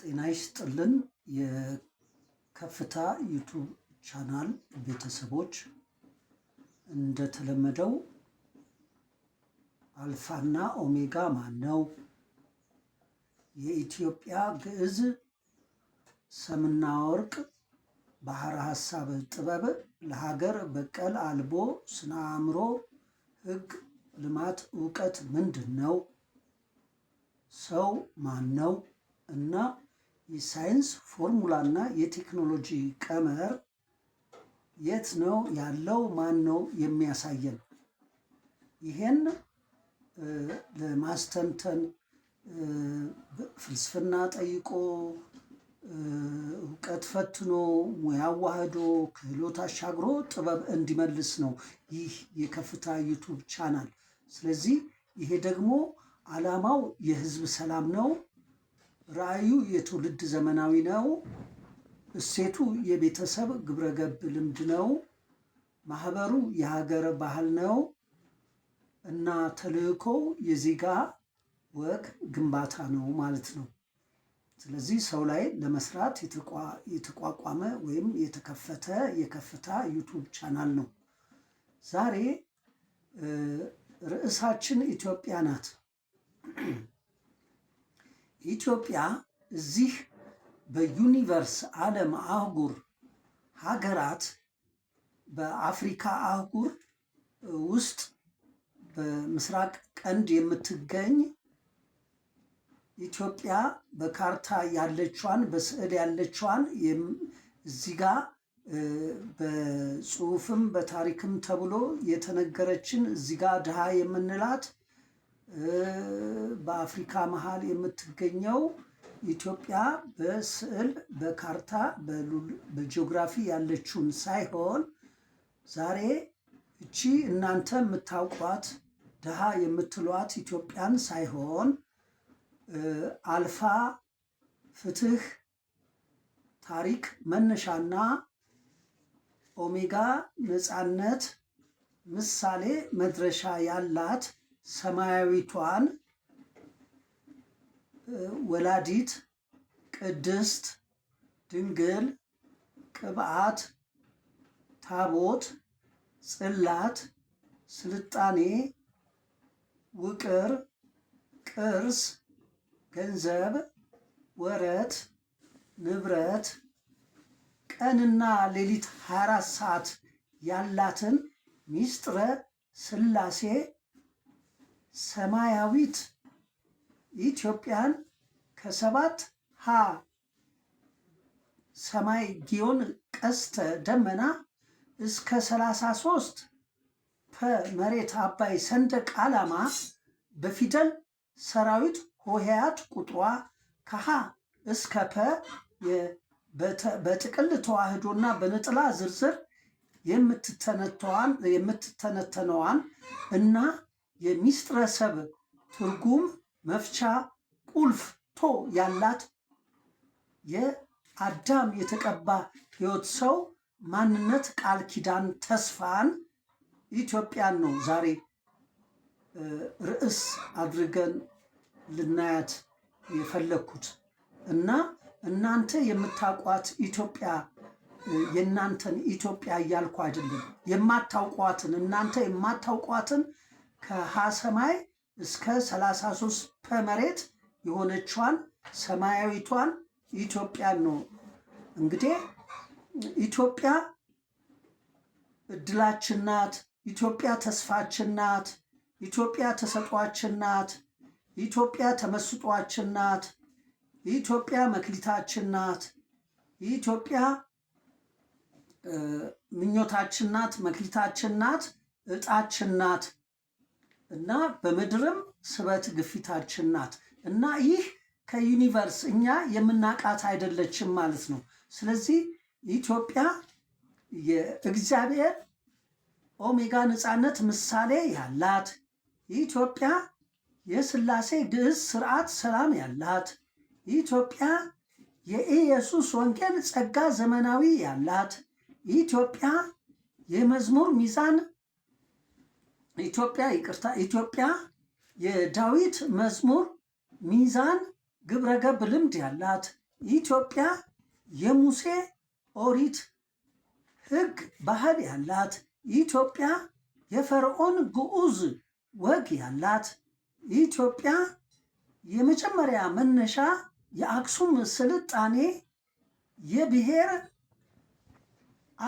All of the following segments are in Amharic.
ጤና ይስጥልን የከፍታ ዩቱብ ቻናል ቤተሰቦች፣ እንደተለመደው አልፋና ኦሜጋ ማን ነው? የኢትዮጵያ ግዕዝ ሰምና ወርቅ ባህር ሐሳብ ጥበብ ለሀገር በቀል አልቦ ስነ አእምሮ ሕግ ልማት እውቀት ምንድን ነው? ሰው ማን ነው? እና የሳይንስ ፎርሙላ እና የቴክኖሎጂ ቀመር የት ነው ያለው? ማን ነው የሚያሳየን? ይሄን ለማስተንተን ፍልስፍና ጠይቆ እውቀት ፈትኖ ሙያ ዋህዶ ክህሎት አሻግሮ ጥበብ እንዲመልስ ነው ይህ የከፍታ ዩቱብ ቻናል። ስለዚህ ይሄ ደግሞ ዓላማው የህዝብ ሰላም ነው። ራዕዩ የትውልድ ዘመናዊ ነው። እሴቱ የቤተሰብ ግብረገብ ልምድ ነው። ማህበሩ የሀገር ባህል ነው እና ተልእኮ የዜጋ ወግ ግንባታ ነው ማለት ነው። ስለዚህ ሰው ላይ ለመስራት የተቋቋመ ወይም የተከፈተ የከፍታ ዩቱብ ቻናል ነው። ዛሬ ርዕሳችን ኢትዮጵያ ናት። ኢትዮጵያ እዚህ በዩኒቨርስ ዓለም አህጉር ሀገራት በአፍሪካ አህጉር ውስጥ በምስራቅ ቀንድ የምትገኝ ኢትዮጵያ በካርታ ያለችዋን በስዕል ያለችዋን እዚህ ጋ በጽሁፍም በታሪክም ተብሎ የተነገረችን እዚህ ጋ ድሃ የምንላት በአፍሪካ መሀል የምትገኘው ኢትዮጵያ በስዕል በካርታ በጂኦግራፊ ያለችውን ሳይሆን ዛሬ እቺ እናንተ የምታውቋት ድሃ የምትሏት ኢትዮጵያን ሳይሆን አልፋ ፍትህ፣ ታሪክ መነሻና ኦሜጋ ነፃነት ምሳሌ መድረሻ ያላት ሰማያዊቷን ወላዲት ቅድስት ድንግል ቅብዓት ታቦት ጽላት ስልጣኔ ውቅር ቅርስ ገንዘብ ወረት ንብረት ቀንና ሌሊት 24 ሰዓት ያላትን ሚስጥረ ሥላሴ ሰማያዊት ኢትዮጵያን ከሰባት ሀ ሰማይ ጊዮን ቀስተ ደመና እስከ ሰላሳ ሶስት ፐ መሬት አባይ ሰንደቅ ዓላማ በፊደል ሰራዊት ሆሄያት ቁጥሯ ከሀ እስከ ፐ በጥቅል ተዋህዶና በነጥላ ዝርዝር የምትተነተዋን እና የሚስጥረ ሰብ ትርጉም መፍቻ ቁልፍ ቶ ያላት የአዳም የተቀባ ህይወት ሰው ማንነት ቃል ኪዳን ተስፋን ኢትዮጵያን ነው ዛሬ ርዕስ አድርገን ልናያት የፈለግኩት እና እናንተ የምታውቋት ኢትዮጵያ የእናንተን ኢትዮጵያ እያልኩ አይደለም። የማታውቋትን እናንተ የማታውቋትን ከሀ ሰማይ እስከ 33 ፐመሬት የሆነችዋን ሰማያዊቷን ኢትዮጵያን ነው። እንግዲህ ኢትዮጵያ እድላችን ናት። ኢትዮጵያ ተስፋችን ናት። ኢትዮጵያ ተሰጧችን ናት። ኢትዮጵያ ተመስጧችን ናት። ኢትዮጵያ መክሊታችን ናት። ኢትዮጵያ ምኞታችን ናት። መክሊታችን ናት። እጣችን ናት። እና በምድርም ስበት ግፊታችን ናት እና ይህ ከዩኒቨርስ እኛ የምናቃት አይደለችም ማለት ነው። ስለዚህ ኢትዮጵያ የእግዚአብሔር ኦሜጋ ነፃነት ምሳሌ ያላት ኢትዮጵያ የስላሴ ግዕዝ ስርዓት ሰላም ያላት ኢትዮጵያ የኢየሱስ ወንጌል ጸጋ ዘመናዊ ያላት ኢትዮጵያ የመዝሙር ሚዛን ኢትዮጵያ ይቅርታ፣ ኢትዮጵያ የዳዊት መዝሙር ሚዛን ግብረገብ ልምድ ያላት ኢትዮጵያ የሙሴ ኦሪት ሕግ ባህል ያላት ኢትዮጵያ የፈርዖን ግዑዝ ወግ ያላት ኢትዮጵያ የመጀመሪያ መነሻ የአክሱም ስልጣኔ የብሔር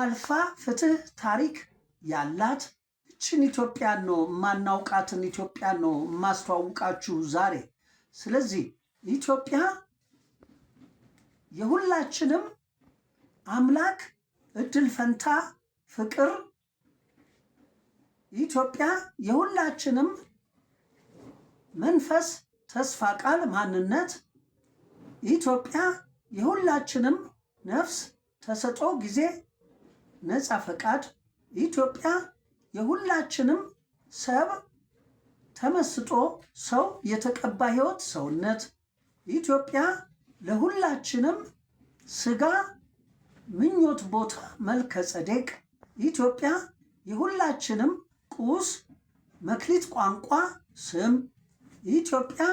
አልፋ ፍትህ ታሪክ ያላት ይችን ኢትዮጵያን ነው ማናውቃትን ኢትዮጵያን ነው የማስተዋውቃችሁ ዛሬ። ስለዚህ ኢትዮጵያ የሁላችንም አምላክ እድል ፈንታ ፍቅር፣ ኢትዮጵያ የሁላችንም መንፈስ ተስፋ ቃል ማንነት፣ ኢትዮጵያ የሁላችንም ነፍስ ተሰጦ ጊዜ ነፃ ፈቃድ፣ ኢትዮጵያ የሁላችንም ሰብ ተመስጦ ሰው የተቀባ ህይወት ሰውነት ኢትዮጵያ ለሁላችንም ስጋ ምኞት ቦታ መልከ ጸዴቅ ኢትዮጵያ የሁላችንም ቁስ መክሊት ቋንቋ ስም ኢትዮጵያ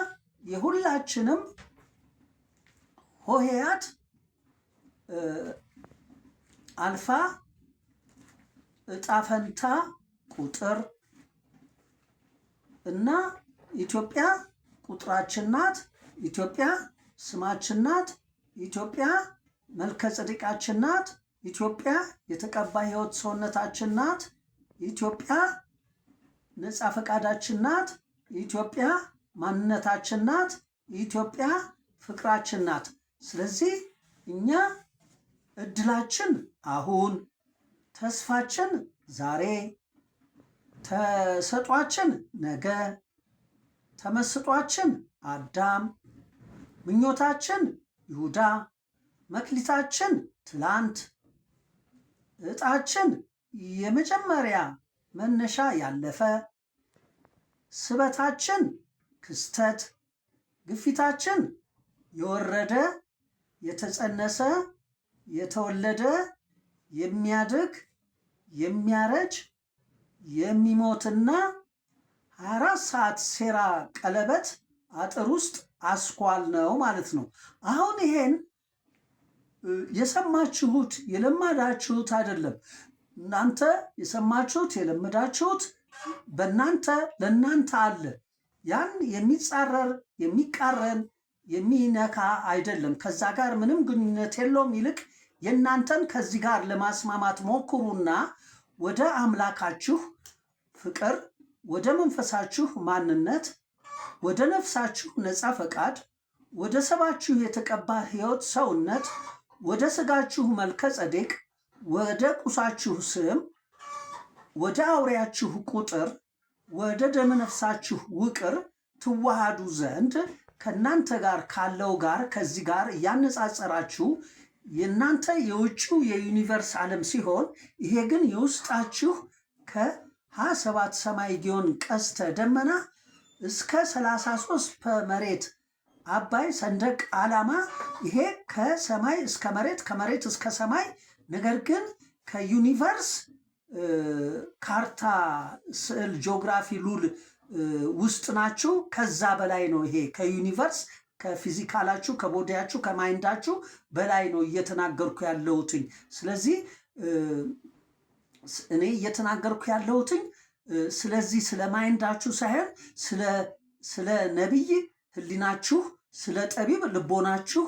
የሁላችንም ሆሄያት አልፋ እጣፈንታ ቁጥር እና ኢትዮጵያ ቁጥራችን ናት፣ ኢትዮጵያ ስማችን ናት፣ ኢትዮጵያ መልከ ጽድቃችን ናት፣ ኢትዮጵያ የተቀባ ሕይወት ሰውነታችን ናት፣ ኢትዮጵያ ነፃ ፈቃዳችን ናት፣ ኢትዮጵያ ማንነታችን ናት፣ ኢትዮጵያ ፍቅራችን ናት። ስለዚህ እኛ እድላችን አሁን ተስፋችን ዛሬ ተሰጧችን ነገ፣ ተመስጧችን አዳም፣ ምኞታችን ይሁዳ፣ መክሊታችን ትላንት፣ እጣችን የመጀመሪያ መነሻ ያለፈ፣ ስበታችን ክስተት፣ ግፊታችን የወረደ የተጸነሰ የተወለደ የሚያድግ የሚያረጅ የሚሞትና 24 ሰዓት ሴራ ቀለበት አጥር ውስጥ አስኳል ነው ማለት ነው። አሁን ይሄን የሰማችሁት የለመዳችሁት አይደለም። እናንተ የሰማችሁት የለመዳችሁት በእናንተ ለእናንተ አለ። ያን የሚጻረር የሚቃረን የሚነካ አይደለም። ከዛ ጋር ምንም ግንኙነት የለውም። ይልቅ የእናንተን ከዚህ ጋር ለማስማማት ሞክሩና ወደ አምላካችሁ ፍቅር፣ ወደ መንፈሳችሁ ማንነት፣ ወደ ነፍሳችሁ ነፃ ፈቃድ፣ ወደ ሰባችሁ የተቀባ ሕይወት ሰውነት፣ ወደ ስጋችሁ መልከ ጸዴቅ፣ ወደ ቁሳችሁ ስም፣ ወደ አውሬያችሁ ቁጥር፣ ወደ ደመ ነፍሳችሁ ውቅር ትዋሃዱ ዘንድ ከእናንተ ጋር ካለው ጋር ከዚህ ጋር እያነጻጸራችሁ የእናንተ የውጭው የዩኒቨርስ ዓለም ሲሆን ይሄ ግን የውስጣችሁ ከሀያ ሰባት ሰማይ ጊዮን ቀስተ ደመና እስከ 33 በመሬት መሬት አባይ ሰንደቅ ዓላማ ይሄ ከሰማይ እስከ መሬት ከመሬት እስከ ሰማይ ነገር ግን ከዩኒቨርስ ካርታ ስዕል ጂኦግራፊ ሉል ውስጥ ናችሁ። ከዛ በላይ ነው። ይሄ ከዩኒቨርስ ከፊዚካላችሁ ከቦዲያችሁ ከማይንዳችሁ በላይ ነው እየተናገርኩ ያለሁትኝ። ስለዚህ እኔ እየተናገርኩ ያለሁትኝ ስለዚህ ስለ ማይንዳችሁ ሳይሆን ስለ ነቢይ ህሊናችሁ፣ ስለ ጠቢብ ልቦናችሁ፣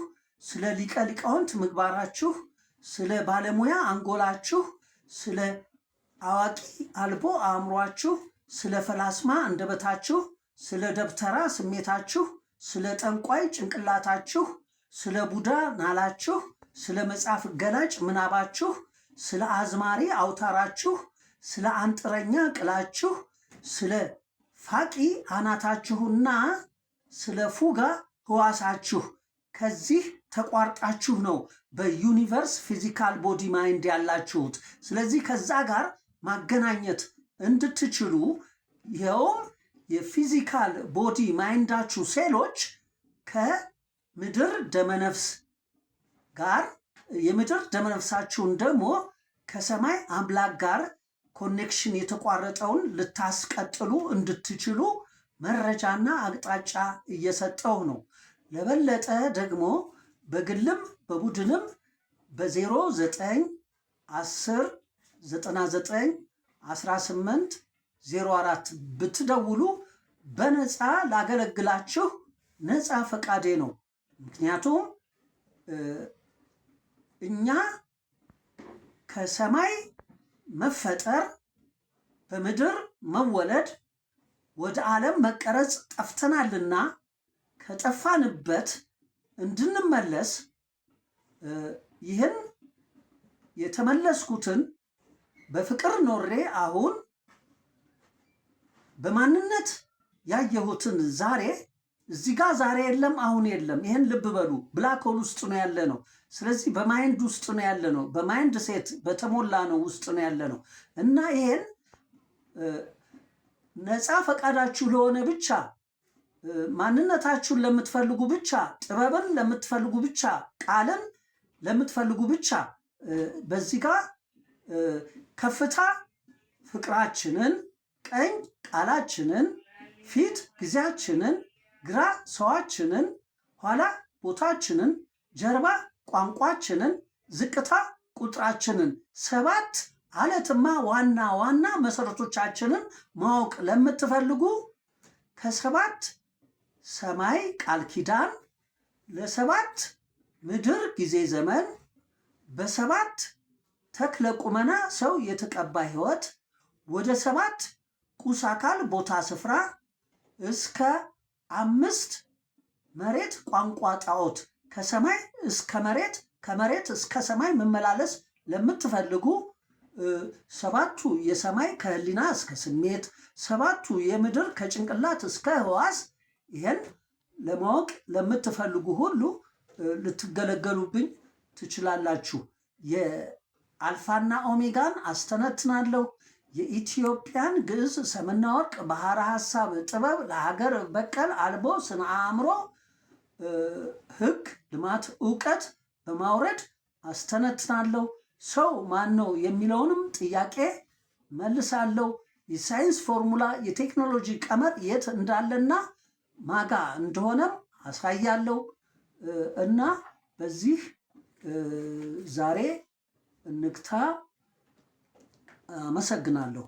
ስለ ሊቀ ሊቃውንት ምግባራችሁ፣ ስለ ባለሙያ አንጎላችሁ፣ ስለ አዋቂ አልቦ አእምሯችሁ፣ ስለ ፈላስማ አንደበታችሁ፣ ስለ ደብተራ ስሜታችሁ ስለ ጠንቋይ ጭንቅላታችሁ፣ ስለ ቡዳ ናላችሁ፣ ስለ መጽሐፍ ገላጭ ምናባችሁ፣ ስለ አዝማሪ አውታራችሁ፣ ስለ አንጥረኛ ቅላችሁ፣ ስለ ፋቂ አናታችሁና ስለ ፉጋ ህዋሳችሁ ከዚህ ተቋርጣችሁ ነው በዩኒቨርስ ፊዚካል ቦዲ ማይንድ ያላችሁት። ስለዚህ ከዛ ጋር ማገናኘት እንድትችሉ ይኸውም የፊዚካል ቦዲ ማይንዳችሁ ሴሎች ከምድር ደመነፍስ ጋር የምድር ደመነፍሳችሁን ደግሞ ከሰማይ አምላክ ጋር ኮኔክሽን የተቋረጠውን ልታስቀጥሉ እንድትችሉ መረጃና አቅጣጫ እየሰጠው ነው። ለበለጠ ደግሞ በግልም በቡድንም በዜሮ ዘጠኝ አስር ዘጠና ዘጠኝ አስራ ስምንት ዜሮ አራት ብትደውሉ በነፃ ላገለግላችሁ ነፃ ፈቃዴ ነው። ምክንያቱም እኛ ከሰማይ መፈጠር በምድር መወለድ ወደ ዓለም መቀረጽ ጠፍተናልና ከጠፋንበት እንድንመለስ ይህን የተመለስኩትን በፍቅር ኖሬ አሁን በማንነት ያየሁትን ዛሬ እዚህ ጋር ዛሬ የለም አሁን የለም። ይህን ልብ በሉ። ብላክ ሆል ውስጥ ነው ያለ ነው። ስለዚህ በማይንድ ውስጥ ነው ያለ ነው። በማይንድ ሴት በተሞላ ነው ውስጥ ነው ያለ ነው እና ይሄን ነፃ ፈቃዳችሁ ለሆነ ብቻ ማንነታችሁን ለምትፈልጉ ብቻ ጥበብን ለምትፈልጉ ብቻ ቃልን ለምትፈልጉ ብቻ በዚህ ጋር ከፍታ ፍቅራችንን ቀኝ ቃላችንን ፊት ጊዜያችንን፣ ግራ ሰዋችንን፣ ኋላ ቦታችንን፣ ጀርባ ቋንቋችንን፣ ዝቅታ ቁጥራችንን ሰባት አለትማ ዋና ዋና መሰረቶቻችንን ማወቅ ለምትፈልጉ ከሰባት ሰማይ ቃል ኪዳን ለሰባት ምድር ጊዜ ዘመን በሰባት ተክለ ቁመና ሰው የተቀባ ሕይወት ወደ ሰባት ቁስ አካል ቦታ ስፍራ እስከ አምስት መሬት ቋንቋ ጣዖት ከሰማይ እስከ መሬት ከመሬት እስከ ሰማይ መመላለስ ለምትፈልጉ ሰባቱ የሰማይ ከህሊና እስከ ስሜት፣ ሰባቱ የምድር ከጭንቅላት እስከ ህዋስ ይህን ለማወቅ ለምትፈልጉ ሁሉ ልትገለገሉብኝ ትችላላችሁ። የአልፋና ኦሜጋን አስተነትናለሁ። የኢትዮጵያን ግዕዝ ሰምና ወርቅ ባህረ ሐሳብ ጥበብ ለሀገር በቀል አልቦ ስነ አእምሮ ህግ ልማት እውቀት በማውረድ አስተነትናለሁ። ሰው ማን ነው የሚለውንም ጥያቄ መልሳለሁ። የሳይንስ ፎርሙላ የቴክኖሎጂ ቀመር የት እንዳለና ማጋ እንደሆነም አሳያለሁ እና በዚህ ዛሬ ንግታ? አመሰግናለሁ